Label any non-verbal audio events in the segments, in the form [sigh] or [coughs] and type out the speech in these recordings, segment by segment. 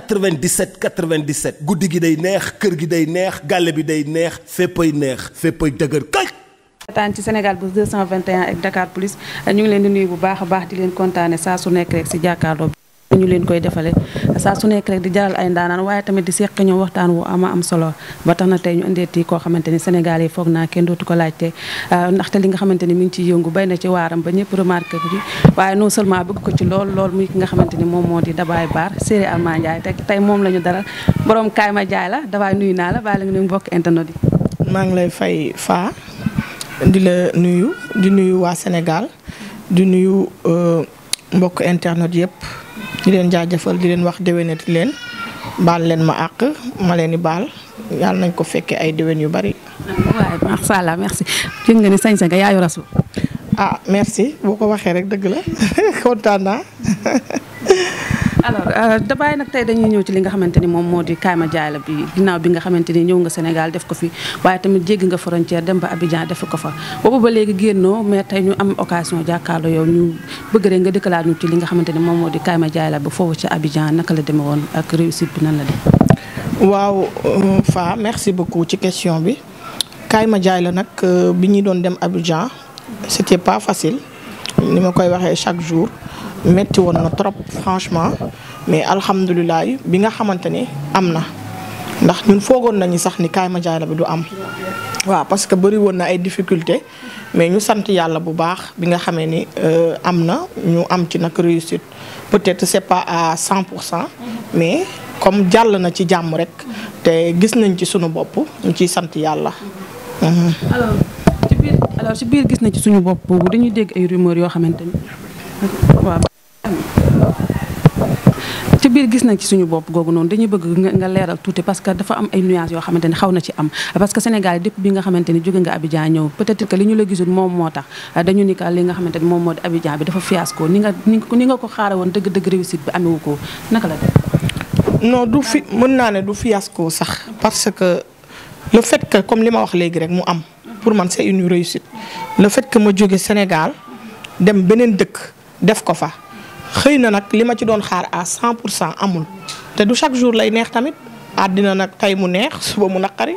97 97 guddi gi day neex kër gi day neex gàlle bi day neex féppay neex féppay dëgër kay kontaan ci Sénégal Buzz 221 ak Dakar Plus ñu ngi leen di nuyu bu baax a baax di leen kontaane saa su nekk rek si jàkkaarloo ñu leen koy defalee saa su nekk rek di jaral ay ndaanaan waaye tamit di seq ñoom waxtaan wu ama am solo ba tax na tey ñu indeeti koo xamante ni Sénégal yi foog naa kenn dootu ko laajte ah, ndaxte li nga xamante ni mi ngi ciy yëngu bay na ci waaram ba ñëpp remarqué ko ci waaye non seulement bëgg ko ci lool lool muy ki nga xamante ni moom moo di Dabaye Baar Séré Alma Ndiaye te tey moom la ñu dara boroom kaay ma jaay la Dabaye nuyu naa la bàyyi la nga nuyu mbokk internet maa ngi lay fay faa di nuyu di nuyu waa Sénégal di nuyu euh, mbokk internet yëpp di leen jaajëfal di leen wax déwénati leen baal leen ma àq ma leen di baal yàlla nañ ko fekkee ay déwén yu bari. waaw macha allah merci jëng nga ni sañ nga yaayu rasul. ah merci boo ko waxee rek dëgg la [laughs] kontaan [laughs] alors euh, Dabaye nag tey dañuy ñëw ci li nga xamante ni moom moo di Kaama Jaala bi ginnaaw bi nga xamante ni ñëw nga Sénégal def ko fi waaye tamit jéggi nga frontière dem ba Abidjan def ko fa boobu ba léegi génnoo mais tey ñu am occasion jàkkaarloo yow ñu nga dëkkalaat ñu ci li nga xamante ni moom moo di Kaama Jaala bi foofu ci Abidjan la demee woon ak réussite bi nan la waaw euh, Fa merci beaucoup ci question bi ma Jaala nag euh, bi ñu doon dem Abidjan c'était pas facile ni ma koy waxee chaque jour metti woon na trop franchement. mais alhamdulilah bi nga xamante ne am na ndax ñun foogoon nañu sax ni kaay ma la bi du am. waaw parce que bëri woon na ay difficulté mais ñu sant yàlla bu baax bi nga xamee ni euh, am na ñu am ci nag réussite peut-être c'est pas à 100 pour cent mais comme jàll na ci jàmm rek te gis nañ ci sunu bopp ñu ciy sant yàlla. Mhm. alors ci biir gis nañ ci suñu bopp boobu dañuy dégg ay rumeurs yoo xamante ni biir gis nañ ci suñu bopp googu noonu dañuy bëgg nga leeral tuuti parce que dafa am ay nuances yoo xamante ne xaw na ci am parce que moo tax dañu ne moom moo di Abidjan bi dafa fiasco ni nga ni nga ko xaare du fi mën naa ne du fiasco sax parce que le fait comme li ma wax léegi rek mu am pour man c'est une réussite ma jóge Sénégal dem beneen dëkk def ko fa xëy na nag li ma ci doon xaar à cent pour cent amul te du chaque jour lay neex tamit àddina nag tey mu neex suba mu naqari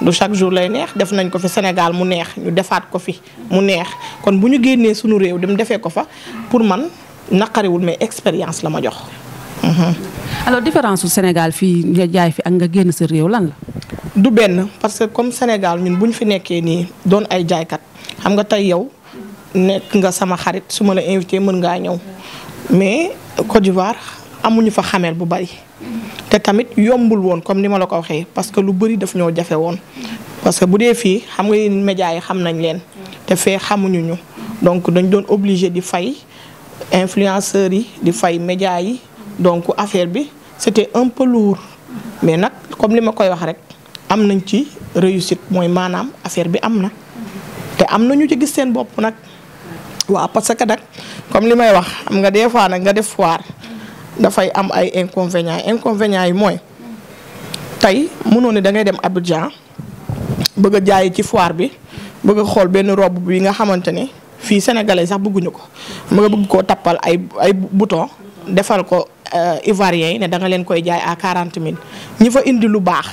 du chaque jour lay neex def nañ ko fi Sénégal mu neex ñu defaat ko fi mu neex kon bu ñu génnee suñu réew dem defee ko fa pour man naqariwul mais expérience la ma jox. Mhm. alors différence su Sénégal fii nga jaay fi ak nga génn sa réew lan la. du benn parce que comme Sénégal ñun bu ñu fi nekkee nii doon ay jaaykat xam nga tey yow nekk nga sama xarit su ma la invité mën ngaa ñëw. mais Côte d'Ivoire amuñu fa xamel bu bari te tamit yombul woon comme ni ma la ko waxee parce que lu bari daf ñoo jafe woon parce que bu dee fii xam nga yéen médias yi xam nañ leen te fee xamuñu ñu donc dañ doon obligé di fay influenceurs yi di fay médias yi donc affaire bi c'était un peu lourd mais nag comme li ma koy wax rek am nañ ci réussite mooy maanaam affaire bi am na te am na ñu ci gis seen bopp nag. waaw parce que nag comme li may wax xam nga des fois nag nga def foire dafay am ay inconvénients inconvénients yi mooy tey mënoo ne da ngay dem Abidjan bëgg a jaayi ci foire bi bëgg xool benn robe bi nga xamante ne fii sénégalais sax bëgguñu ko nga bëgg koo tappal ay ay bouton defal ko euh, ivoirien yi ne da nga leen koy jaay à quarante mille ñi fa indi lu baax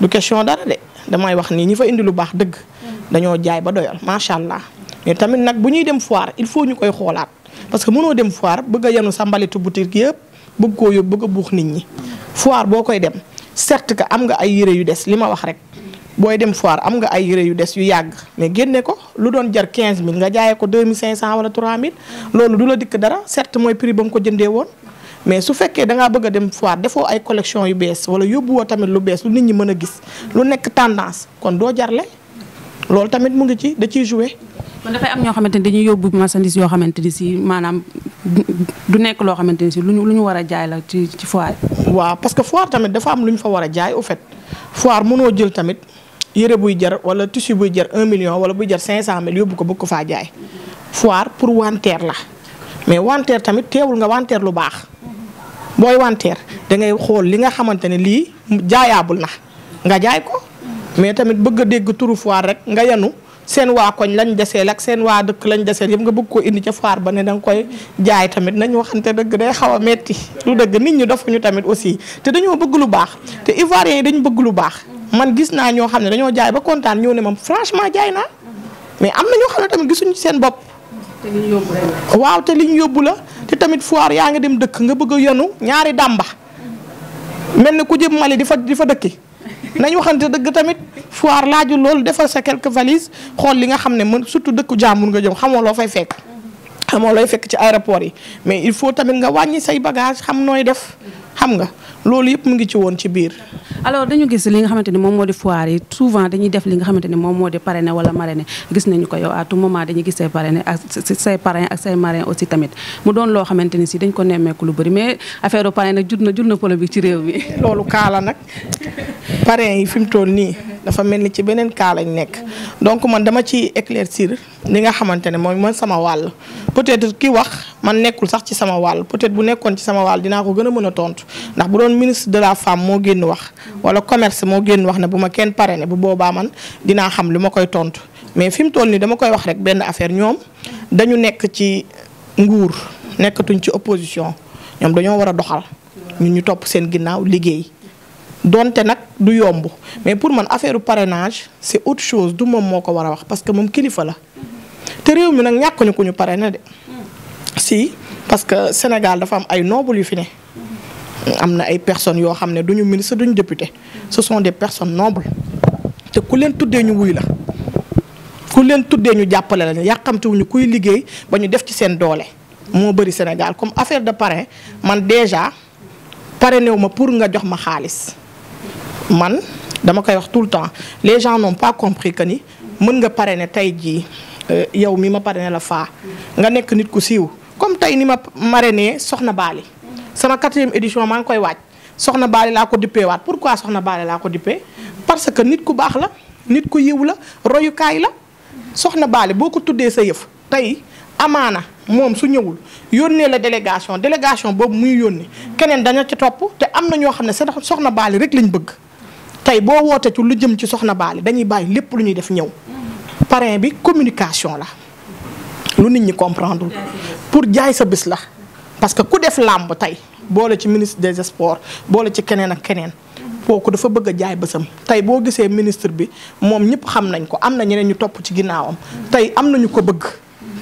du question dara de damay wax nii ñi fa indi lu baax dëgg dañoo jaay ba doyal macha allah. tamit nag bu ñuy dem foire il faut ñu koy xoolaat parce que mënoo dem foire bëgg a yenu sa mbalitu boutique yëpp bëgg koo yóbbu bëgg a buux nit ñi foire boo koy dem certes que am nga ay yére yu des li ma wax rek booy dem foire am nga ay yére yu des yu yàgg mais génne ko lu doon jar 15000 nga jaayee ko 2500 wala 3000 loolu du la dikk dara certes mooy prix ba mu ko jëndee woon mais su fekkee dangaa bëgg dem foire defoo ay collection yu bees wala yóbbuwoo tamit lu bees nit ñi mën a gis lu nekk tendance kon doo jarle loolu tamit mu ngi ci da ciy jouer kon dafay am ñoo xamante ni dañuy yóbbu marchandise yoo xamante ni si maanaam du nekk loo xamante ni si lu ñu lu ñu war a jaay la ci ci foire. waaw parce que foire tamit dafa am lu ñu fa war a jaay au fait foire mënoo jël tamit yére buy jar wala tissu buy jar 1 million wala buy jar 500 mille yóbbu ko bëgg ko faa jaay foire pour wanteer la mais wanteer tamit teewul nga wanteer lu baax booy wanteer da ngay xool li nga xamante ne lii jaayaabul na nga jaay ko mais tamit bëgg dégg turu foire rek nga yanu. seen waa koñ lañ deseel ak seen waa dëkk lañ deseel yëpp nga bëgg koo indi ca foire ba ne danga koy jaay tamit nañu waxante dëgg day xaw a metti lu dëgg nit ñi dofuñu tamit aussi te dañoo bëgg lu baax te ivoiriens yi dañ bëgg lu baax man gis naa ñoo xam ne dañoo jaay ba kontaan ñoo ne moom franchement jaay naa mais am na ñoo xam ne tamit gisuñu seen bopp waaw te liñ yóbbu la te tamit foire yaa ngi dem dëkk nga bëgg a yenu ñaari dàmba mel ni ku jëm Mali di fa di fa dëkki nañ waxante dëgg tamit foire laaju loolu defal sa quelques valises xool li nga xam ne mën surtout dëkku jàmbur nga jëm xamoo loo fay fekk. amoo lay fekk ci aéroport yi mais il faut tamit nga wàññi say bagage xam nooy def xam nga loolu yëpp mu ngi ci woon ci biir. alors dañu gis li nga xamante ni moom moo di foire yi souvent dañuy def li nga xamante ni moom moo di parrainer wala marrainer gis nañu ko yow à tout moment dañuy gis say parrainer ak say parrain ak say marrain aussi tamit mu doon loo xamante ni si dañ ko nemmeeku lu bari mais affaire u parrain nag jur na jur na bi ci réew mi. loolu kaala nag parrain yi fi mu nii. dafa mel ni ci beneen cas lañ nekk donc man dama ci éclaircir li nga xamante ne mooy man sama wàll peut-être ki wax man nekkul sax ci sama wàll peut-être bu nekkoon ci sama wàll dinaa ko gën a mën a tontu ndax bu doon ministre de la femme moo génn wax wala commerce moo génn wax ne bu ma kenn ne bu boobaa man dinaa xam li ma koy tontu mais fi mu toll nii dama koy wax rek benn affaire ñoom dañu nekk ci nguur nekkatuñ ci opposition ñoom dañoo war a doxal ñun ñu topp seen ginnaaw liggéey donte nag du yomb mais pour man affaire parenage c'est autre chose du moom moo ko war a wax parce que moom kilifa la te réew mi nag ñàkk ñu ko ñu parrainé de si parce que Sénégal dafa am ay noble yu fi ne am na ay personnes yoo xam ne duñu ministre duñu député ce sont des personnes nobles te ku leen tuddee ñu wuy la ku leen tuddee ñu jàppale la ne yàqamtiwuñu kuy liggéey ba ñu def ci seen doole moo bëri Sénégal comme affaire de parrain man déjà parrainé wu ma pour nga jox ma xaalis man dama koy wax tout le temps les gens n'ont pas compris que ni mën nga ne tey jii euh, yow mi ma parrainer la faa nga nekk nit ku siiw comme tey ni ma ne soxna Baali sama quatrième édition maa ngi koy waaj soxna Baali laa ko dippee waat pourquoi soxna Baali laa ko dippee parce que nit ku baax la nit ku yiw la royukaay la soxna Baali boo ko tuddee sa yëf tey amaana moom su ñëwul yónnee la délégation délégation boobu muy yónni keneen daña ci topp te am na ñoo xam ne sa soxna Baali rek lañ bëgg tey boo wootee ci lu jëm ci soxna Baali dañuy bàyyi lépp lu ñuy def ñëw. parrain bi communication la lu nit ñi comprendre pour jaay sa bis la parce que ku def làmb tey boole ci ministre des sports boole ci keneen ak keneen. kooku dafa bëgg a jaay bësam tey boo gisee ministre bi moom ñëpp xam nañ ko am na ñeneen ñu topp ci ginnaawam. tey am na ñu ko bëgg.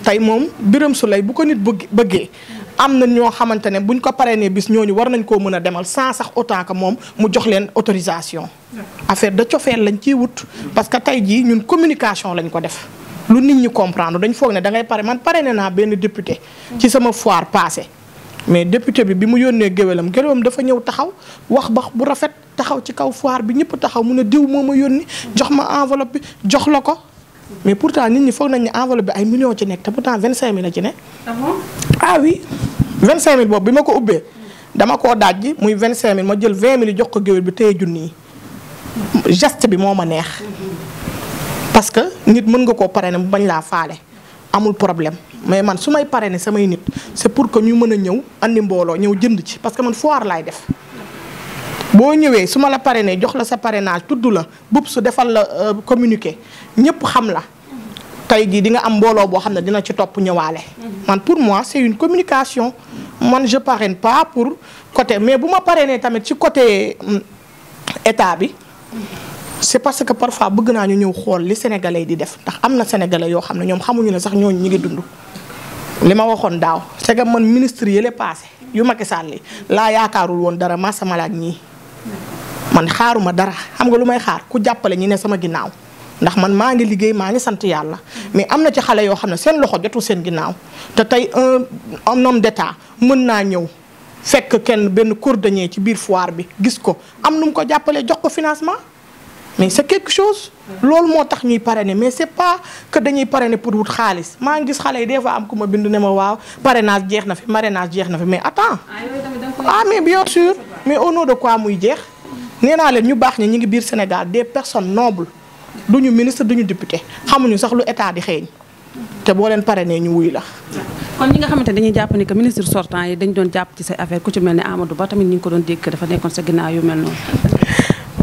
tey moom Birame Souleye bu ko nit bëggee. am na ñoo xamante ne buñ ko paree ne bis ñooñu war nañ koo mën a demal sans sax autant que moom mu jox leen autorisation. affaire de cofeel lañ ciy wut. parce que tey jii ñun communication lañ ko def. lu nit ñi comprendre dañ foog ne da ngay pare man pare ne naa benn député. ci sama foire passé mais député bi bi mu yónnee géwélam géwélam dafa ñëw taxaw wax bax bu rafet taxaw ci kaw foire bi ñëpp taxaw mu ne diw moo ma yónni. jox ma enveloppe jox la ko. mais pour pourtant nit ñi foog nañ ne enveloppe bi ay millions ci nekk te pourtant 25000 la ci ne. Ah, ah oui mille boobu bi ma ko ubbee. dama koo daaj ji muy 25000 ma jël 20000 jox ko géwél bi téye junni yi geste bi moo ma neex. parce que nit mën nga koo parrainer bu bañ laa faale. amul problème mais man su may parrainer samay nit c'est pour que ñu mën a ñëw andi mbooloo ñëw jënd ci parce que man foire laay def. boo ñëwee su ma la parrainer jox la sa parrainage tudd la bub su defal la euh, communiqué ñëpp xam la tey jii di nga am mbooloo boo xam ne dina ci topp ñëwaale. man pour moi c'est une communication man je parraine pas pour côté mais bu ma paree parrainer tamit ci côté mm, état bi. c'est parce que parfois bëgg naa ñu ñëw xool li sénégalais di def ndax am na sénégalais yoo xam ne ñoom xamuñu ne sax ñooñu ñu ngi dundu li ma waxoon daaw c'est que man ministre yële paase yu Macky Sall yi laa yaakaarul woon dara maa sama laaj ñii man xaaruma dara xam nga lu may xaar ku jàppale ñi ne sama ginnaaw. ndax man maa ngi liggéey maa ngi sant yàlla mais am na ci xale yoo xam ne seen loxo jotul seen ginnaaw te tey un homme d'état mën naa ñëw fekk kenn benn cordonnier ci biir foir bi gis ko am nu mu ko jàppalee jox ko financement mais c'est quelque chose. loolu moo tax ñuy ne mais c'est pas que dañuy ne pour wut xaalis maa ngi gis xale yi des fois am ku ma bindu ne ma waaw parrainage jeex na fi marrainage jeex na fi mais attends. Ah, ah mais bien sûr mais au nom de quoi muy jeex. nee naa leen ñu baax ñi ñu ngi biir Sénégal des personnes nobles. du ñu ministre du ñu député xamuñu sax lu état di xeeñ te boo leen pare nee ñu wuy la. kon ñi nga xamante dañuy jàpp ni que ministre sortant yi dañu doon jàpp ci say affaire ku ci mel ne Amadou Ba tamit ñu ko doon dégg dafa nekkoon sa ginnaaw yu mel noonu.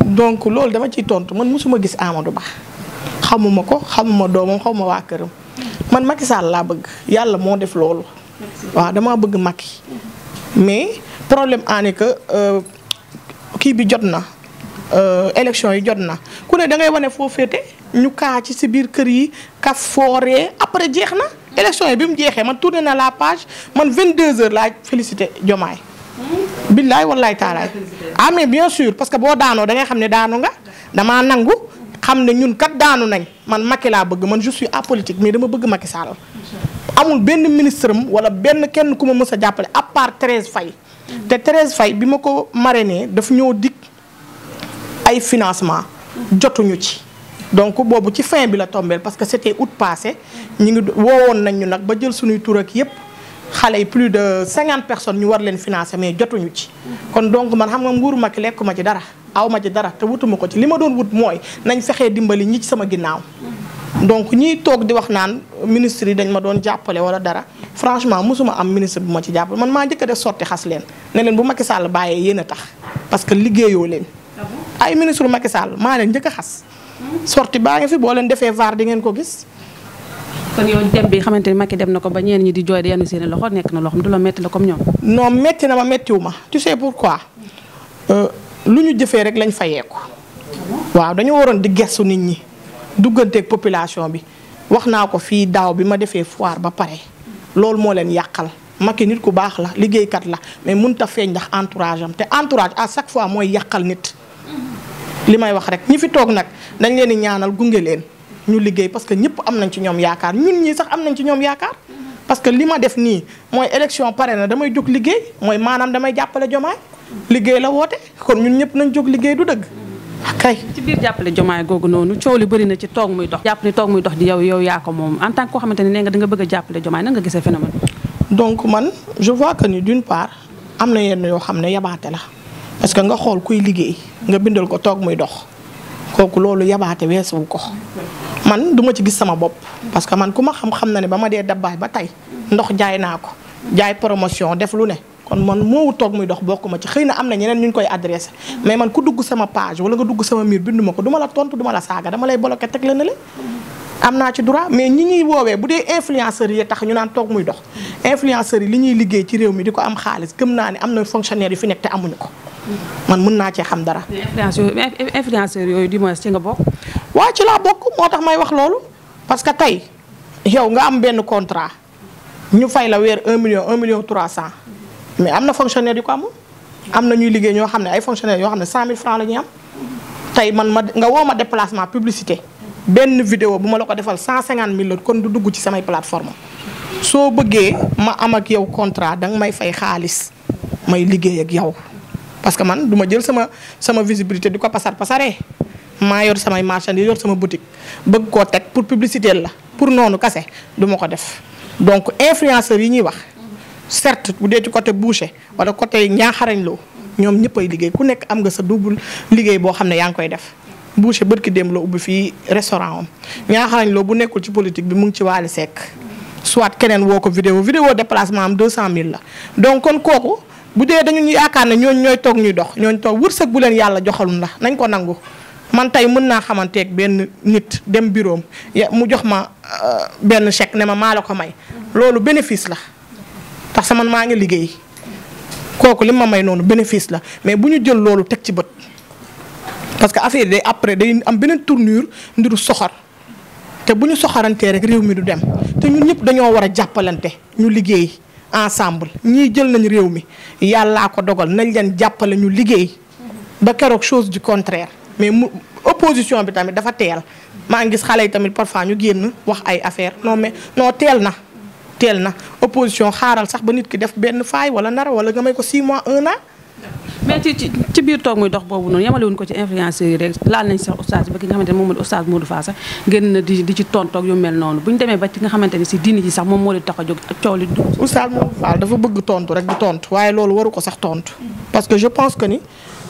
donc loolu dama ciy tontu man mosuma gis Amadou Ba xamuma ko xamuma doomam xamuma waa këram man Macky Sall laa bëgg yàlla moo def loolu. waaw dama bëgg Macky mais problème en est euh, kii bi jot na. Euh, élection yi jot na ku ne dangay wane foo féete ñu kaa ci si biir kër yi ka fooree après jeex na élection yi bi mu jeexee man tourné na la page man 22h laa félicité Diomaye. billaay wallaay taalaay. ah mais bien sûr parce que boo daanoo dangay xam ne daanu nga damaa nangu. xam ne ñun kat daanu nañ man Macky laa bëgg man je suis apolitique mais dama bëgg Macky Sall amul benn ministre am wala benn kenn ku ma mës a jàppale à part fay te Thérèse Faye bi ma ko marrainee daf ñoo dikk ay financement jotuñu ci donc boobu ci fin bi la tombeel parce que c'était août passé ñu ngi woowoon nañ ñu nag ba jël suñuy tur ak yépp xale yi plus de cinquante personnes ñu war leen financer mais jotuñu ci kon donc man xam nga nguuru Macky lekkuma ci dara aw ci dara te wutuma ko ci li ma doon wut mooy nañ fexee dimbali ñi ci sama ginnaaw donc ñiy toog di wax naan ministre yi dañ ma doon jàppale wala dara franchement mosuma am ministre bu ma ci jàppale man maa njëkk a def sorti leen ne bu Macky Sall bàyyee yéen a tax parce que liggéeyoo leen ay ministre Macky Sall maa leen njëkk a xas. sorti baa ngi fi boo leen defee vaar di ngeen ko gis. kon yoon dem bi xamante ni Macky dem na ko ba ñeen ñi di jooy di yanu seen loxo nekk na loo xam du la metti la comme ñoom. non metti na ma méttiwu ma tu sais pourquoi euh, lu ñu jëfee rek lañ fayeeku waaw dañu waroon di gestu nit ñi dugganteeg population bi wax naa ko fii daaw bi ma defee foire ba pare loolu moo leen yàqal Macky nit ku baax la liggéeykat la mais mun a feeñ ndax entourage am te entourage à chaque fois mooy yàqal nit. li may wax rek ñi fi toog nag dañ leen di ñaanal gunge leen ñu liggéey parce que ñëpp am nañ ci ñoom yaakaar ñun ñi sax am nañ ci ñoom yaakaar. parce que li ma def nii mooy élection pare na damay jóg liggéey mooy maanaam damay jàppale jomaay liggéey la woote kon ñun ñëpp nañ jóg liggéey du dëgg. kay ci biir jàppale jomaay googu noonu coow li barina ci toog muy dox. jàppale toog muy dox di yow yow yaa ko moom en tant que koo xamante ne nee nga da nga bëgg a jàppale jomaay nan nga man je vois que ni d'une part am na yenn yoo xam ne yabaate la parce que nga xool kuy liggéey nga bindal ko toog muy dox kooku loolu yabaate weesuwu ko man duma ci gis sama bopp parce que man ku ma xam-xam na ne ba ma dee dabbaay ba tey ndox jaay naa ko jaay promotion def lu ne kon man moowu toog muy dox bokk ma ci xëy na am na ñeneen ñu koy adressé mais man ku dugg sama page wala nga dugg sama mur bindu ko duma la tontu duma la saaga dama lay teg la ne le am naa ci droit mais ñi ñuy woowee bu dee influenceurs yi tax ñu naan toog muy dox influenceurs li ñuy liggéey ci réew mi di ko am xaalis gëm naa ne am na fonctionnaire yu fi nekk te amuñu ko man mën naa cee xam dara. influenceur yooyu du moins ci nga bokk. waaw ci laa bokk moo tax may wax loolu parce que tey yow nga am benn contrat ñu fay la weer 1 million 1 million 300 mais am na fonctionnaire yu ko amul am na ñuy liggéey ñoo xam ne ay fonctionnaire yoo xam ne 100000 francs la ñuy am tey man ma nga woo ma déplacement publicité benn vidéo bu ma la ko defal cent 150000 la kon du dugg ci samay plateforme soo bëggee ma am ak yow contrat danga may fay xaalis may liggéey ak yow. parce que man du ma jël sama sama visibilité di ko pasar pasaree maa yor samay marchandise yor sama boutique bëgg koo teg pour publicité la pour noonu kase du ma ko def donc influenceurs yi ñuy wax certes bu dee ci côté boucher wala côté ñaaxarañ loo ñoom ñëpp ay liggéey ku nekk am nga sa double liggéey boo xam ne yaa ngi koy def boucher bërki démb la ubbi fii restaurant am ñaaxarañ loo bu nekkul ci politique bi mu ngi ci waali sekk soit keneen woo ko vidéo vidéo déplacement am 200000 la donc kon bu dee dañu yaakaar ne ñooñu ñooy toog ñuy dox ñooñu toog wërsëg bu leen yàlla joxalum la nañ ko nangu man tey mën naa xamanteeg benn nit dem bureau mu jox ma euh, benn chèque ne ma maa la ko may loolu bénéfice la tax sa man maa ngi liggéey kooku li ma may noonu bénéfice la mais bu ñu jël loolu teg ci bët parce que affaire day après day am beneen tournure ndiru soxor te bu ñu soxorantee rek réew mi du dem te ñun ñëpp dañoo war a jàppalante ñu liggéey. ensemble ñii jël nañ réew mi yàllaa ko dogal nañ leen jàppale ñu liggéey ba keroog chose du contraire mais mu opposition bi tamit dafa teel maa ngi gis xale yi tamit parfois ñu génn wax ay affaire non mais non teel na teel na opposition xaaral sax ba nit ki def benn faay wala nara wala nga may ko 6 mois 1 na mais ci ci biir toog muy dox boobu noonu yemalewuñu ko ci influenceurs yi rek laal nañ sax oustaz ba ki nga xamante ne moom mooy oustaz Modou Fall sax génn di bu ñu demee ba ci nga xamante ne si diini ji sax moom moo di a jóg bëgg tontu rek di tontu waaye loolu waru ko sax tontu parce que je pense que ni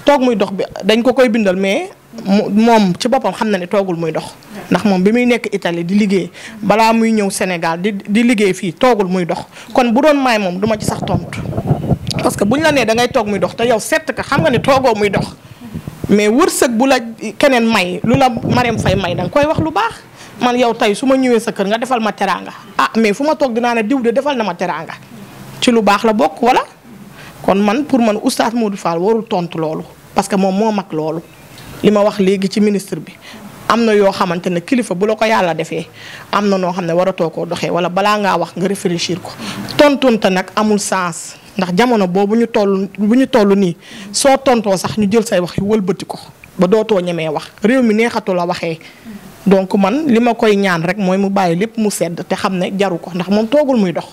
toog muy dox bi dañ ko koy bindal mais moom ci boppam xam na ne toogul muy dox ndax moom bi muy nekk Italie di liggéey balaa muy ñëw Sénégal di di liggéey fii toogul muy dox kon bu doon maay moom duma ci sax tontu parce que bu ñu la nee dangay ngay toog muy dox te yow sett ka xam nga ne toogoo muy dox mais wërsëg bu la keneen may lu la Marème Faye may da nga koy wax lu baax man yow tey su ma ñëwee sa kër nga defal ma teraanga ah mais fu ma toog dinaa ne diw de defal na ma teraanga ci lu baax la bokk wala kon man pour man oustaz Modou Fall warul tontu loolu parce que moom moo mag loolu li ma wax léegi ci ministre bi am na yoo xamante ne kilifa bu la ko yàlla defee am na noo xam ne waratoo koo doxee wala balaa ngaa wax nga réfléchir ko tontunte ndax jamono boobu ñu toll bu ñu toll nii soo tontoo sax ñu jël say wax yu wëlbati ko ba dootoo ñemee wax réew mi neexatu waxee. donc man li ma koy ñaan rek mooy mu bàyyi lépp mu sedd te xam ne jaru ko ndax moom toogul muy dox.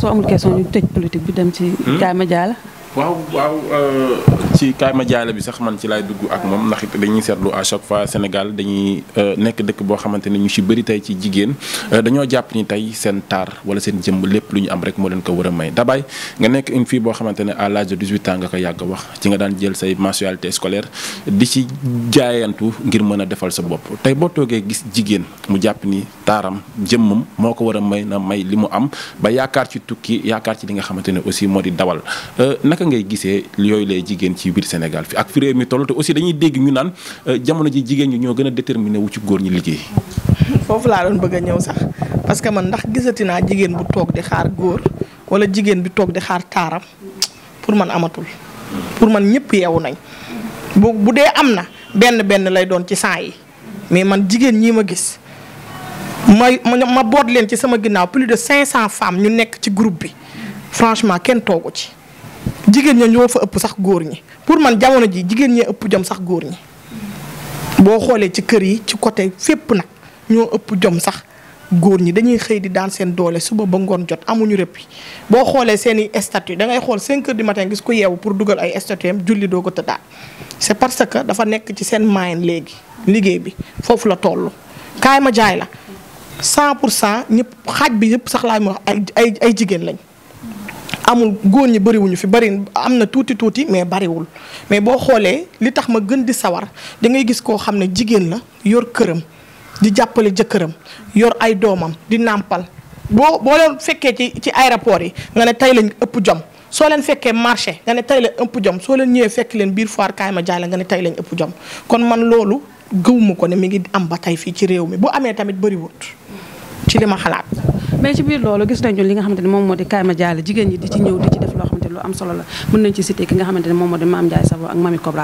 soo amul question ñu tëj politique bi dem ci. Ibrahima hmm? Diallo waaw waaw euh, ci kaay ma jaale bi sax man ci laay dugg ak moom ndax it dañuy seetlu à chaque fois Sénégal dañuy euh, nekk dëkk boo xamante ne ñu ci bëri tey ci jigéen euh, dañoo jàpp ni tey seen taar wala seen jëmm lépp lu ñu am rek moo leen ko war a may dabay nga nekk une fille boo xamante ne à l'âge de 18 nga ko yàgg wax ci nga daan jël say mensualité scolaire di ci jaayantu ngir mën a defal sa bopp tey boo toogee gis jigéen mu jàpp ni taaram jëmmam moo ko war a may na may li mu am ba yaakaar ci tukki yaakaar ci li nga xamante ne aussi moo di dawal naka ngay gisee yooyu lay jigéen ci biir Sénégal fii ak fi mi toll te aussi dañuy dégg ñu naan euh, jamono ji jigéen ñi ñoo gën a déterminé wu ci góor ñi liggéey. foofu laa doon bëgg a ñëw sax parce que man ndax gisati naa jigéen bu toog di xaar góor wala jigéen bi toog di xaar taaram pour man amatul. pour man ñëpp yeewu nañ. bu bu dee am na benn benn lay doon ci saa yi mais man jigéen ñii ma gis. ma ma boot leen ci sama ginnaaw plus de 500 femmes ñu nekk ci groupe bi franchement kenn toogu ci jigéen ña ñoo fa ëpp sax góor ñi pour man jamono ji jigéen ñee ëpp jom sax góor ñi boo xoolee ci kër yi ci côté fépp nag ñoo ëpp jom sax góor ñi dañuy xëy di daan seen doole suba ba ngoon jot amuñu réppi boo xoolee seen i statut da ngay xool 5 heures du matin gis ko yeewu pour dugal ay statut am julli doo ko tëddaat c'est parce que dafa nekk ci seen moyen léegi liggéey bi foofu la toll kaay ma jaay la 100 pour cent ñëpp xaaj bi yëpp sax laay ma ay ay ay jigéen lañ amul góor ñi bariwuñu fi bëri am na tuuti tuuti mais bariwul mais boo xoolee li tax ma gën di sawar da ngay gis koo xam ne jigéen la yor këram di jàppale jëkkëram yor ay doomam di nàmpal boo boo leen fekkee ci ci aéroport yi nga ne tey lañ ëpp jom soo leen fekkee marché nga ne tey lañ ëpp jom soo leen ñëwee fekk leen biir foire kaay ma jaay la nga ne tey lañ ëpp jom kon man loolu gëwuma ko ne mi ngi am ba tey fii ci réew mi bu amee tamit bëriwut ci li ma xalaat. mais ci biir loolu gis nañu li nga xamante ne moom moo di Kaay ma jaale jigéen ñi di ci ñëw di ci def loo xamante ni loolu moom moo di coow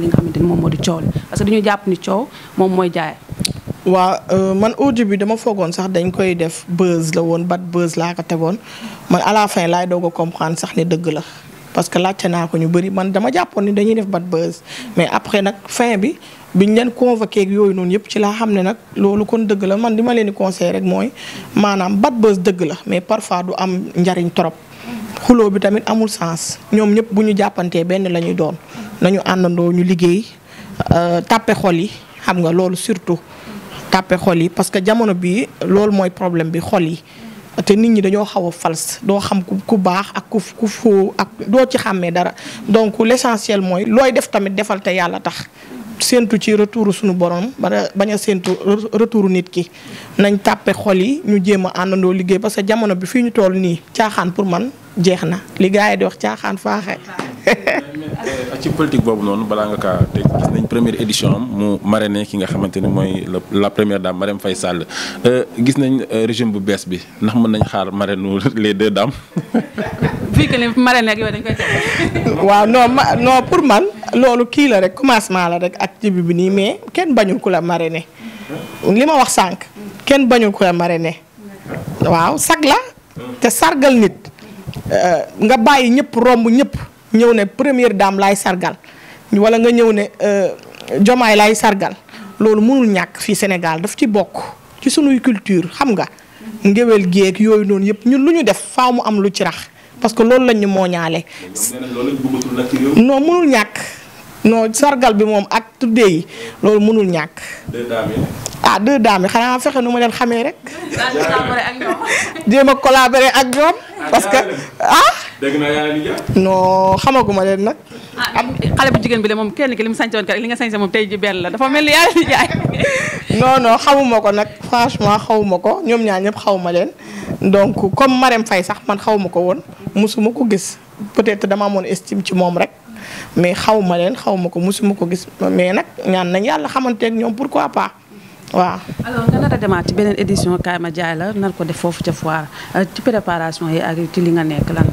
li parce que dañu jàpp ni coow moom mooy jaay waaw euh, man au bi dama foogoon sax dañ koy def buzz la woon bat buzz laa ko tegoon man à la laay doog a comprendre sax ni dëgg la parce que laajte naa ko ñu bëri man dama jàppoon ni dañuy def bat buzz mais après nag fin bi bi biñ leen convoqué ak yooyu noonu yëpp ci laa xam ne nag loolu kon dëgg la man li ma leen di conseil rek mooy maanaam bat buzz dëgg la mais parfois du am njariñ trop. xuloo bi tamit amul sens ñoom ñëpp bu ñu jàppantee benn la ñuy doon nañu àndandoo ñu liggéey euh, tàppe xol yi xam nga loolu surtout. tàppe xol yi parce que jamono bi loolu mooy problème bi xol yi te nit ñi dañoo xaw a fals doo xam ku ku baax ak ku ku ak doo ci xàmmee dara donc l'essentiel mooy looy def tamit defal te yàlla tax séentu ci retour suñu borom bañ a séentu retour nit ki nañ tàppe xol yi ñu jéem a àndandoo liggéey parce que jamono bi fii ñu toll nii caaxaan pour man jeex na li di wax caaxaan faaxe [laughs] ci politique boobu noonu balaa nga kaa te gis nañ première édition am mu marraine ki nga xamante ne mooy la première dame Marème fay Sall euh, gis nañ euh, régime bu bees bi ndax mën nañ xaar marraine [laughs] les deux dames. fii que ne marraine ak [laughs] pour man. loolu kii la rek commencement la rek ak jibi bi nii mais kenn bañul ku la marrainer li ma wax sànq kenn bañul ku la marrainer waaw sag la te sargal nit euh, nga bàyyi ñëpp romb ñëpp ñëw ne première dame laay sargal wala nga ñëw ne jomaay euh, laay sargal loolu mënul ñàkk fii Sénégal daf ci bokk ci suñuy culture xam nga ngéwél géeg yooyu noonu yëpp ñun lu ñu def faaw mu am lu ci rax parce que loolu lañ ñu mooñaale non mënul ñàkk non sargal bi moom ak tuddee yi loolu mënul ñàkk. ah deux dames yi xanaa fexe nu ma leen xamee rek. [laughs] jéem a collaborer ak ñoom. Ah, parce que ah. dégg naa yaa xamaguma leen nag. ah xale bu jigéen bi de moom kenn ki li mu sañse woon li nga sañse moom tey ji benn la dafa mel ni yaa ngi jaay. [laughs] non non xamuma ko nag franchement xawuma ko ñoom ñaar ñëpp ma leen donc comme Marème fay sax man xawuma ko woon mosuma ko gis peut-être dama amoon estime ci moom rek. mais xaw ma leen xaw ma ko mosuma ko gis mais nag ñaan nañ yàlla xamanteeg ñoom pourquoi pas waaw. alors nga nar a demaat ci beneen édition Kaay ma jaay la nar ko def foofu ca foire euh, ci préparation yi ak ci li nga nekk lan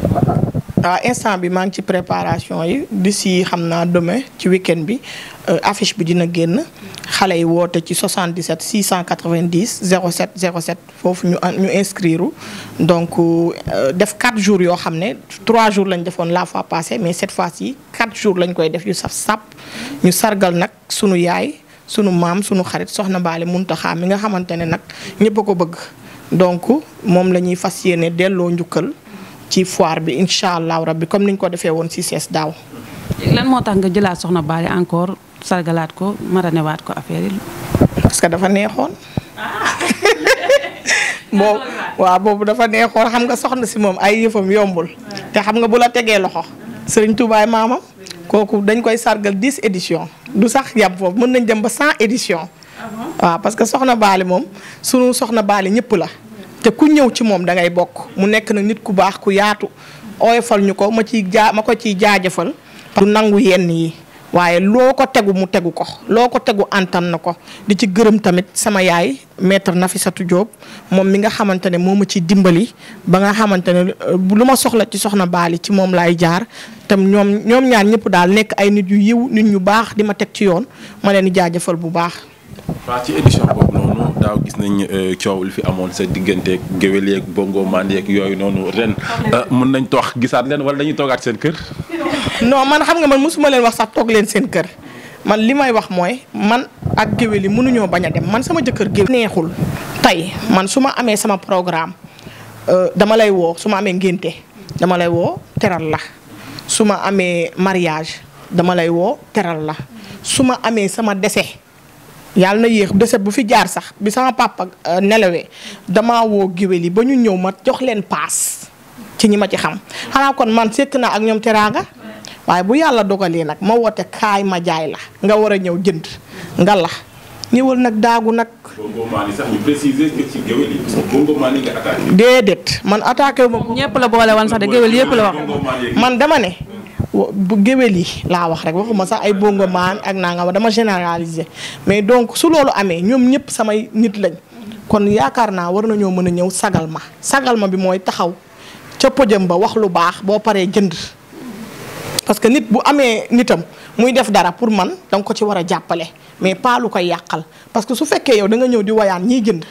waaw instant bi maa ngi ci préparation yi d'ici xam naa demain ci week bi euh, affiche bi dina génn xale yi woote ci 77 690 07 07 foofu ñu ñu inscrire donc euh, def 4 jours yoo xam ne trois jours lañ defoon la fois passée mais cette fois-ci 4 jours lañu koy def yu saf sàpp ñu sargal nag sunu yaay sunu maam sunu xarit soxna Baale Muntaxa mi nga xamante ne nag ñëpp a ko bëgg donc moom la ñuy fas yéene delloo njukkal. ci foire bi incha allahu bi comme niñ ko defee woon si sees daaw. lan moo tax nga jëlaat soxna baali encore sargalaat ko maranewaat ko affaire yi. parce que dafa neexoon. [laughs] boobu waaw boobu dafa neexoon xam nga soxna si moom ay yëfam yombul. te xam nga bu la tegee loxo. sëriñ Touba maamam. kooku dañ koy sargal 10 éditions. du sax yam foofu mën nañ dem ba 100 éditions. Ah waaw parce que soxna baali moom sunu soxna Bally ñëpp la. te ku ñëw ci moom dangay bokk mu nekk na nit ku baax ku yaatu ooyofal ñu ko ma ciy jaa ma ko ciy jaajëfal. du nangu yenn yi waaye loo ko tegu mu tegu ko loo ko tegu antan na ko di ci gërëm tamit sama yaay na fi Nafissatou Diop moom mi nga xamante ne moo ma ciy dimbali ba nga xamante ne euh, lu ma soxla ci soxna baali ci moom laay jaar tam ñoom ñoom ñaar ñëpp daal nekk ay nit yu yiw nit ñu baax di ma teg ci yoon ma leen di jaajëfal bu baax. waaw ci édition boobu noonu daaw gis nañ euh, coow lu fi amoon sa digganteeg géwél yeeg bongo man yeeg yooyu noonu ren euh, mën nañ toog gisaat leen wala dañuy toogaat seen kër. non man xam nga man mosuma leen wax sax toog leen seen kër man li may wax mooy man ak géwél yi mënuñoo bañ a dem man sama jëkkër géwél neexul tey man su ma amee sama programme euh, dama lay woo su ma amee ngénte dama lay woo teral la su ma amee mariage dama lay woo teral la su ma amee sama dese. yàlla na yéex dese bu fi jaar sax bi sama papa euh, nelawee dama woo géwél yi ba ñu ñëw ma jox leen paas ci ñi ma ci xam xanaa kon man sekk naa ak ñoom teraanga waaye bu yàlla dogalee nag ma woote kaay ma jaay la nga war a ñëw jënd nga la ñëwal nag daagu nag. bongo déedéet man attaqué wu ma. ñëpp la boole wan sax de géwél yëpp la wax. man dama ne. bu géwél yi laa wax rek waxuma sax ay bongo maan ak nangam dama généraliser mais donc su loolu amee ñoom ñëpp samay nit lañ kon yaakaar naa war nañoo mën a ñëw sagal ma sagal ma bi mooy taxaw ca podium ba wax lu baax boo paree jënd parce que nit bu amee nitam muy def dara pour man danga ko ci war a jàppale mais pas lu koy yàqal parce que su fekkee yow da nga ñëw di wayaan ñiy jënd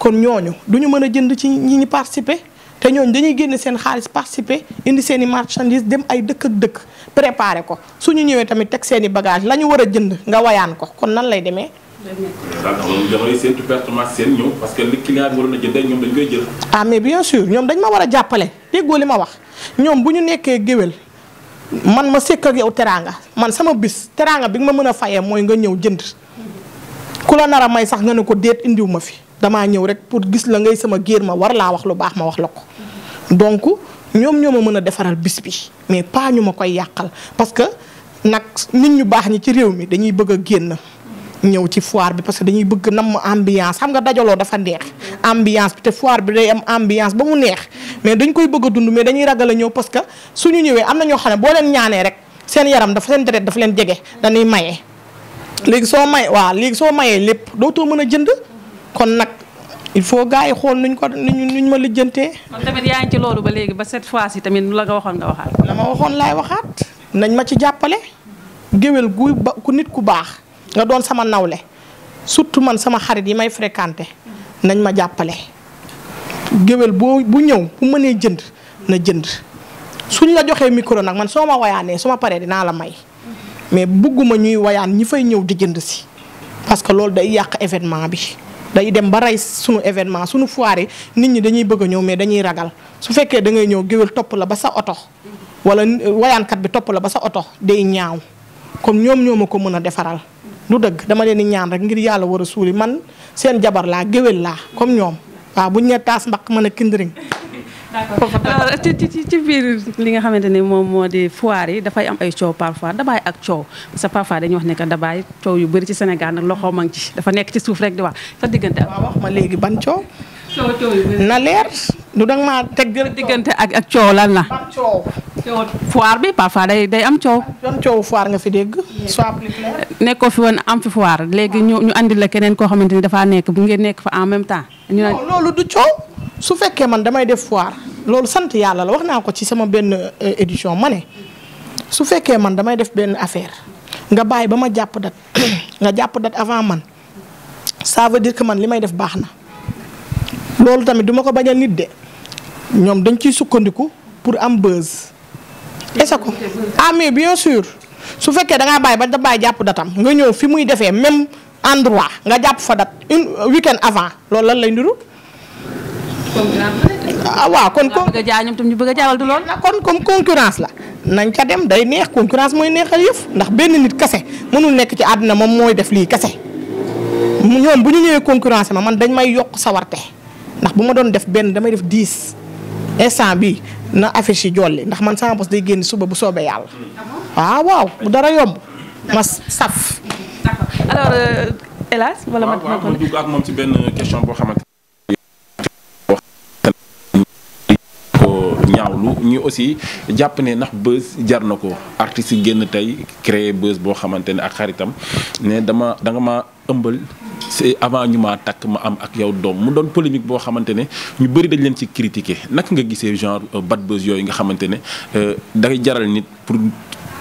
kon ñooñu du ñu mën a jënd ci ñi ñi participer te ñooñu dañuy génne seen xaalis participer indi seen i marchandise dem ay dëkk ak dëkk préparer ko su ñu ñëwee tamit teg seen i bagage la ñu war a jënd nga wayaan ko kon nan lay demee damay seetu bi waroon ñoom dañ ah, bien sûr ñoom dañ ma war a jàppale déggoo li ma wax ñoom bu ñu nekkee géwél man ma sekk ak yow teraanga man sama bis teraanga bi nga ma mën a fayee mooy nga ñëw jënd ku la nar a may sax nga ne ko déet indiw ma fi damaa ñëw rek pour gis la ngay sama géer ma war laa wax lu baax ma wax la ko donc ñoom ñoo ma mën a defaral bis bi mais pas ñu ma koy yàqal parce que nag nit ñu baax ñi ci réew mi dañuy bëgg a génn ñëw ci foire bi parce que dañuy bëgg nam ambiance xam nga dajaloo dafa neex ambiance bi te foire bi day am ambiance ba mu neex mais dañ koy bëgg a dund mais dañuy ragal a ñëw parce que suñu ñëwee am na ñoo xam ne boo leen ñaanee rek seen yaram dafa seen deret dafa leen jege dañuy maye léegi soo may waaw léegi soo mayee lépp dootoo mën a jënd il faut gars yi xool nuñ ko nuñ nuñ ma lijjantee. kon tamit yaa loolu ba léegi ba cette fois ci tamit lu la nga waxoon nga waxaat. la ma waxoon laay waxaat nañ ma ci jàppale. géwél gu ba ku nit ku baax nga doon sama nawle surtout man sama xarit yi may fréquenté nañ ma jàppale. géwél boo bu ñëw bu mënee jënd na jënd suñ la joxee micro nag man soo ma wayaanee su ma paree dinaa la may mais bugguma ñuy wayaan ñi fay ñëw di jënd si parce que loolu day yàq événement bi. day dem ba rey sunu événement sunu foire nit ñi dañuy bëgg a ñëw mais dañuy ragal su fekkee dangay ñëw géwél topp la ba sa oto wala wayaankat bi topp la ba sa oto day ñaaw comme ñoom ñoo ma ko mën a defaral du dëgg dama leen di ñaan rek ngir yàlla war a suuli man seen jabar laa géwél laa comme ñoom waaw buñ ne taas mbaq mën a kindring d'accord euh, ci ci biir li nga xamante ni moom moo di foire yi dafay am ay coow parfois dabaay ak coow parce que parfois dañuy wax ne que dabaay coow yu bëri ci Sénégal nag loxo ma ngi ci dafa nekk ci suuf rek di wax sa diggante ak. léegi ban coow. na leer du danga maa teg diggante ak ak coow lan la. ban coow. foire bi parfois day day am coow. ban coow foire nga fi dégg. nekkoo fi woon am fi foire léegi ñu ñu andi la keneen koo xamante ni dafaa nekk bu ngeen nekk fa en même temps. ñu loolu du coow. su fekkee man damay def foire loolu sant yàlla la wax naa ko ci sama benn euh, édition ma ne su fekkee man damay def benn affaire nga bàyyi ba ma jàpp dat [coughs] nga jàpp dat avant man ça veut que man li may def baax na loolu tamit duma ko bañal nit de ñoom dañ ciy sukkandiku pour am buzz. est-ce que ah mais su fekkee da ngaa bàyyi ba da bàyyi jàpp datam nga ñëw fi muy defee même endroit nga jàpp fa dat une week avant loolu lan lay niru. ah waaw kon kon bëgg a jaay ñoom tam ñu a kon comme concurrence la nañ ca dem day neex concurrence mooy neexal yëf ndax benn nit kase mënul nekk ci àdduna moom mooy def lii kase ñoom bu ñu ñëwee concurrence ma man dañ may yokk sawarte ndax bu ma doon def benn damay def dix instant bi na affiche yi jolli ndax man sama bos day génn suba bu soobee yàlla waaw ah, waaw bu dara yomb ma saf alors euh, tollu ñu aussi jàpp ne ndax buzz jar na ko artistes yi génn tey créer buzz boo xamante ne ak xaritam ne dama danga ma ëmbal c'est avant ñu maa takk ma am ak yow doom mu doon polémique boo xamante ne ñu bëri dañ leen ci critiquer naka nga gisee genre euh, bad buzz yooyu nga xamante ne euh, dangay jaral nit pour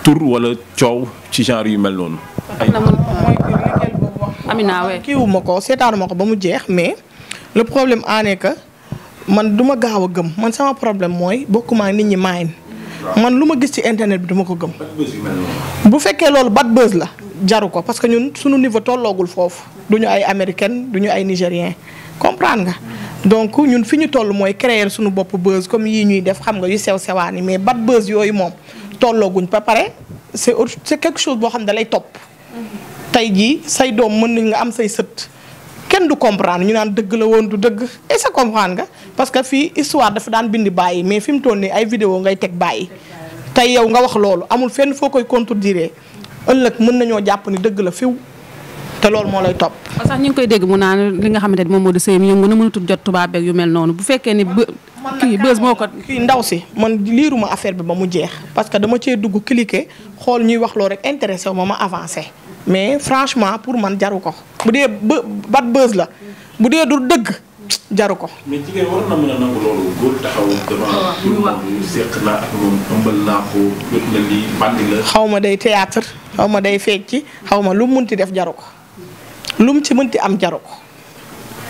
tour wala coow ci genre yu mel noonu. Euh, Amina waaye ko seetaanu ko ba mu jeex mais le problème en man duma ma gaaw a gëm man sama problème mooy bokkuma nit ñi maayin man lu ma gis ci internet bi duma ko gëm. bu fekkee loolu bat buzz la. jaru ko parce que ñun suñu niveau tolloogul foofu du ñu ay américaine du ñu ay nigérien comprendre nga. donc ñun fi ñu toll mooy créer suñu bopp buzz comme yii ñuy def xam nga yu sew sewaan yi mais bat buzz yooyu moom. tollooguñ ba pare c'est c'est quelque chose boo xam ne dalay lay topp. Mm-hmm. tey jii say doom mën nañ nga am say sët. kenn du comprendre ñu naan dëgg la woon du dëgg et ça comprendre nga parce que fii histoire dafa daan bindi bàyyi mais fim mu toll nii ay video ngay teg bàyyi tey yow nga wax loolu amul fenn foo koy contre contredire ëllëg mën nañoo jàpp ni dëgg la fiw te loolu moo lay topp. sax ñu ngi koy dégg mu naan li nga ne ni moom moo di sëy mi yëngu na mënatul jot tubaab beeg yu mel noonu bu fekkee ni bë kii bës moo ko. kii ndaw si man liiruma affaire bi ba mu jeex parce que dama cee dugg cliquer xool ñuy wax loolu rek intéressé wu ma ma avancé mais franchement pour man jaru ko. bu dee bë bat bës la bu dee du dëgg. jaru ko. Ah, xaw ma day théâtre xaw ma day ci xaw ma lu munti def jaru ko. lu mu ci mënti am jaru ko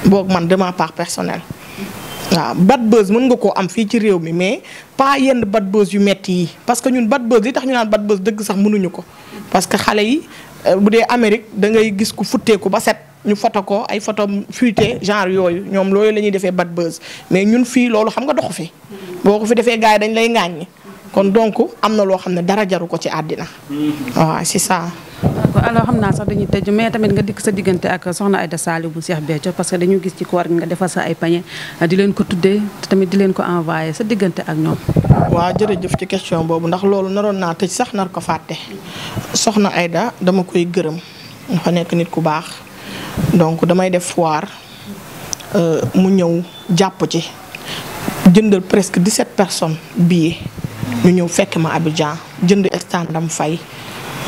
boog man demaa ma part personnelle waaw bad buzz mën nga koo am fii ci réew mi mais pas yenn bat buzz yu metti yi parce que ñun bat buzz yi tax ñu naan bat buzz dëgg sax mënuñu ko parce que xale yi euh, bu dee Amérique dangay gis ku futteeku ba set ñu foto ko ay photo fuité genre yooyu ñoom loolu la ñuy defee bat buzz mais ñun fii loolu xam nga doxu fi boo ko fi defee gars dañ lay ŋàññi kon donc am na loo xam ne dara jaru ko ci àddina mhm. waa c'est saa ko alors xam naa sax dañuy tëj mais tamit nga dikk sa diggante ak soxna Aïda Saliou bu Cheikh Béthio parce que dañu gis ci koor gi nga defar sa ay pañe di leen ko tuddee te tamit di leen ko envoyé sa diggante ak ñoom. waaw jërëjëf ci question boobu ndax loolu naroon naa tëj sax nar ko fàtte soxna Aïda dama koy gërëm dafa nekk nit ku baax donc damay def foire euh, mu ñëw jàpp ci jëndal presque 17 personnes billets. ñu ñëw fekk ma Abidjan jënd estandam fay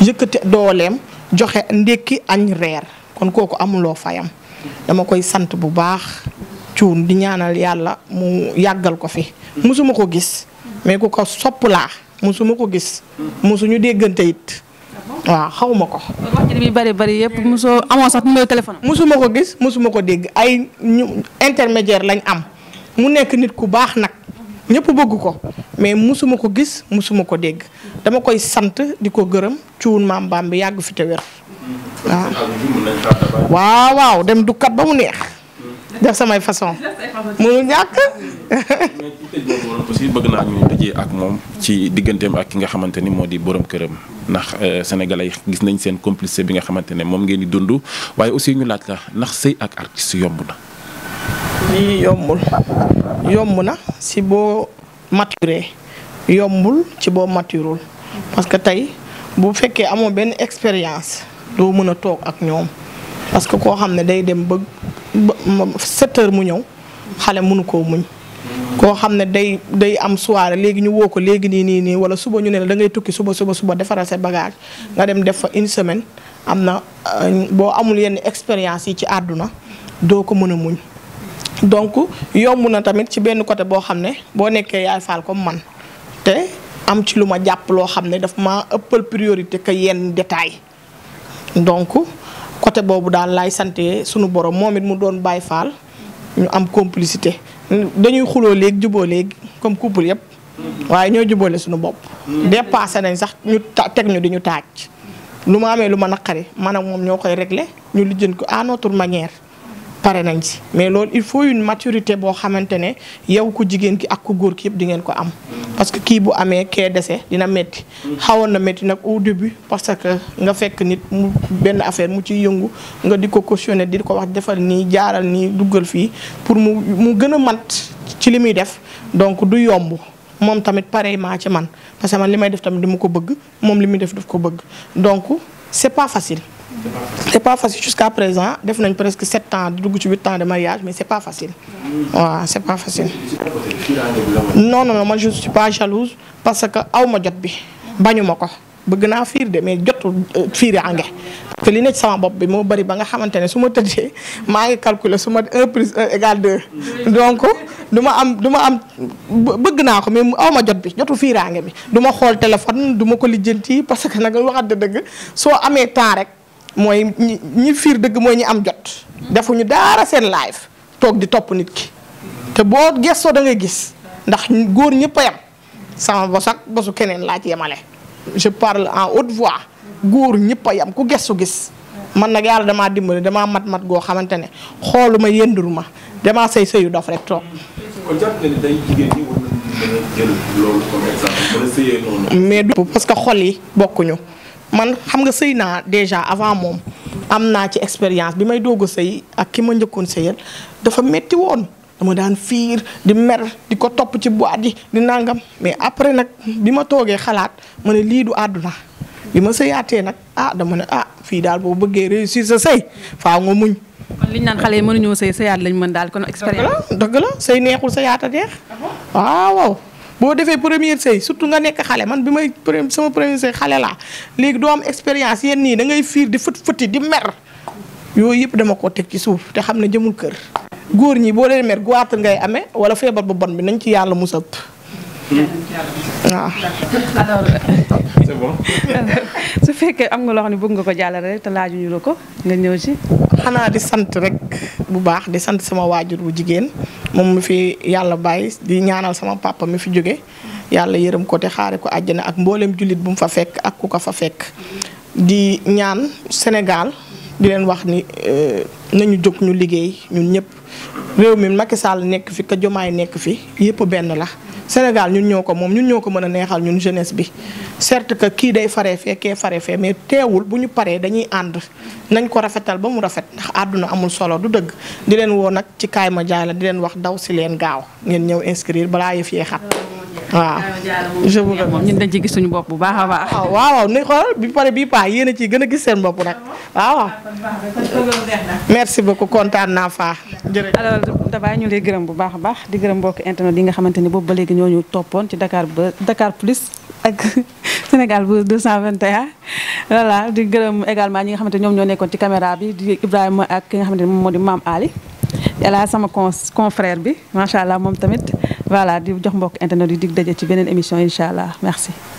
yëkkati dooleem joxe ndékki añ reer kon kooku amuloo fayam dama koy sant bu baax cuun di ñaanal yàlla mu yàggal ko fi musuma ko gis mais ku ko sopp musuma ko gis musuñu déggante it waaw xawma ko wax bi bari bari yëpp sax numéro téléphone musuma gis musuma ko dégg ay ñu lañ am mu nekk nit ku baax nag ñëpp bëgg ko mais mosuma ko gis mosuma ko dégg dama koy sant di ko gërëm cuun maam baam bi yàgg fi te wér waaw waaw dem dukkat ba mu neex def samay façon mu ñàkk bëgg naa ñu tëjee ak moom ci digganteem ak ki nga xamante ni moo di borom këram ndax euh, sénégalais gis nañ seen complicité bi nga xamante ne moom ngeen di dund waaye aussi ñu laaj la ndax sëy ak artiste yomb na lii yombul yomb na si boo maturé yombul ci boo maturul parce que tey bu fekkee amoo benn expérience doo mën a toog ak ñoom parce que koo xam ne day dem ba sept mu ñëw xale mënu koo muñ koo xam ne day day am soirée léegi ñu woo ko léegi nii nii nii wala suba ñu ne dangay tukki suba suba suba defaral sa bagage nga dem def fa une semaine am na euh, boo amul yenn expérience yi ci àdduna doo ko mën a muñ donc yomb na tamit ci benn côté boo xam ne boo nekkee yaay faal comme man te am ci lu ma jàpp loo xam ne dafa ma ëppal priorité que yenn détail donc côté boobu daal lay sante sunu borom moom it mu doon bàyyi faal ñu am complicité dañuy xuloo léegi juboo léegi comme couple yëpp waaye ñoo jubóole sunu bopp dépassé nañ sax ñu teg ñu di ñu taaj lu ma amee lu ma naqari man ak moom ñoo koy réglé ñu lijjën ko à notre pare nañ si mais loolu il faut une maturité boo xamante ne yow ko jigéen ki ak ku góor ki yëpp di ngeen ko am parce que kii bu amee kee dese dina métti xawoon na métti nag au début parce que nga fekk nit mu benn affaire mu ci yëngu nga di ko cautionné di ko wax defal nii jaaral nii duggal fii pour mu mu gën a mat ci li muy def donc du yomb moom tamit pareillement ci man parce que man li may def tamit ma ko bëgg moom li muy def daf ko bëgg donc c'est pas facile c'est pas facile jusqu'à présent def nañ presque sept ans dugg ci huit ans de mariage mais c'est pas facile waaw c'est pas facile non non non man pas jalouse parce que aw ma jot bi bañu ma ko bëgg naa fiir de mais jotul euh, fiiraange parce que li nekk sama bopp moo bari ba nga xamante ne su ma tëddee maa ngi calculer su ma un plus donc du ma am du ma am bëgg naa ko mais aw ma jot bi jotu fiiraange bi du ma xool téléphone du ma ko lijjanti parce que nag waxat dëgg soo amee temps rek mooy ñi ñi fiir dëgg mooy ñi am jot. defuñu daara seen live toog di topp nit ki te boo gestoo da ngay gis ndax góor ñëpp yam yem sama bos bosu keneen laaj yemale. je parle en haute voix góor ñëpp a ku gestu gis man nag yàlla damaa dimbali damaa mat-mat goo xamante ne xooluma yendur ma damaa sëy sëyu dof rek toog. kon mais parce que xol yi bokkuñu. man xam nga sëy naa déjà avant moom am naa ci expérience bi may doog a sëy ak ki ma njëkkoon sëyal dafa metti woon dama daan fiir di mer di ko topp ci boîte yi di nangam mais après nag bi ma toogee xalaat ma ne lii du àdduna bi ma sëyaatee nag ah dama ne ah fii daal boo bëggee réussir sa sëy faa nga muñ. kon li ñu naan xale yi mënuñoo sëy sëyaat lañ mën daal kon expérience. dëgg la dëgg la sëy neexul sëyaat a neex ah waaw waaw. boo defee première sëy surtout nga nekk xale man bi may sama première sëy xale laa léegi doo am expérience yéen nii dangay fiir di fët fëti di mer yooyu yëpp dama ko teg ci suuf te xam ne jëmul kër góor ñi boo leen mer guwaat ngay amee wala feebar bu bon bi nañ ci yàlla musal waaw mm. ah. [laughs] [laughs] [laughs] su fekkee am nga loo xam ne bëgg nga ko jàllale rek te laajuñu la ko nga ñëw ci. xanaa di sant rek bu baax di sant sama waajur bu jigéen moom mu fi yàlla bàyyi di ñaanal sama papa mi fi jóge yàlla yërëm ko te xaare ko àjjana ak mbooleem jullit bu mu fa fekk ak ku ko fa fekk. di ñaan senegal di leen wax ni eh, nañu jóg ñu liggéey ñun ñëpp réew mi Macky Sall nekk fi ka Jomaay nekk fi yépp benn la. Sénégal ñun ñoo ko moom ñun ñoo ko mën a neexal ñun jeunesse bi certes que kii day fare fee kee faree fee mais teewul bu ñu paree dañuy ànd nañ ko rafetal ba mu rafet ndax àdduna amul solo du dëgg di leen woo nag ci kaay ma jaay la di leen wax daw si leen gaaw ngeen ñëw inscrire balaa yëf yee xat waaw je vous remercie ñun dañ ci gis suñu bopp bu baax a baax. Ah, waaw waaw ni xool bi pare bii paa yéen a gën a gis seen bopp nag waaw. merci beaucoup kontaan naa fa jërëjëf alors Daba ñu lay gërëm bu baax a baax di gërëm mbokk internet yi nga xamante ni boobu ba léegi ñoo ñu toppoon ci Dakar ba Dakar plus ak [laughs] Sénégal bu 221. voilà di gërëm également ñi nga xamante ñoom ñoo nekkoon ci caméra bi di Ibrahima ak ki nga xamante ne moom moo di Maam Ali yàlla sama confrère bi macha allah moom tamit. voilà di jox mbokk internet yu dig daje ci beneen émission incha allah merci.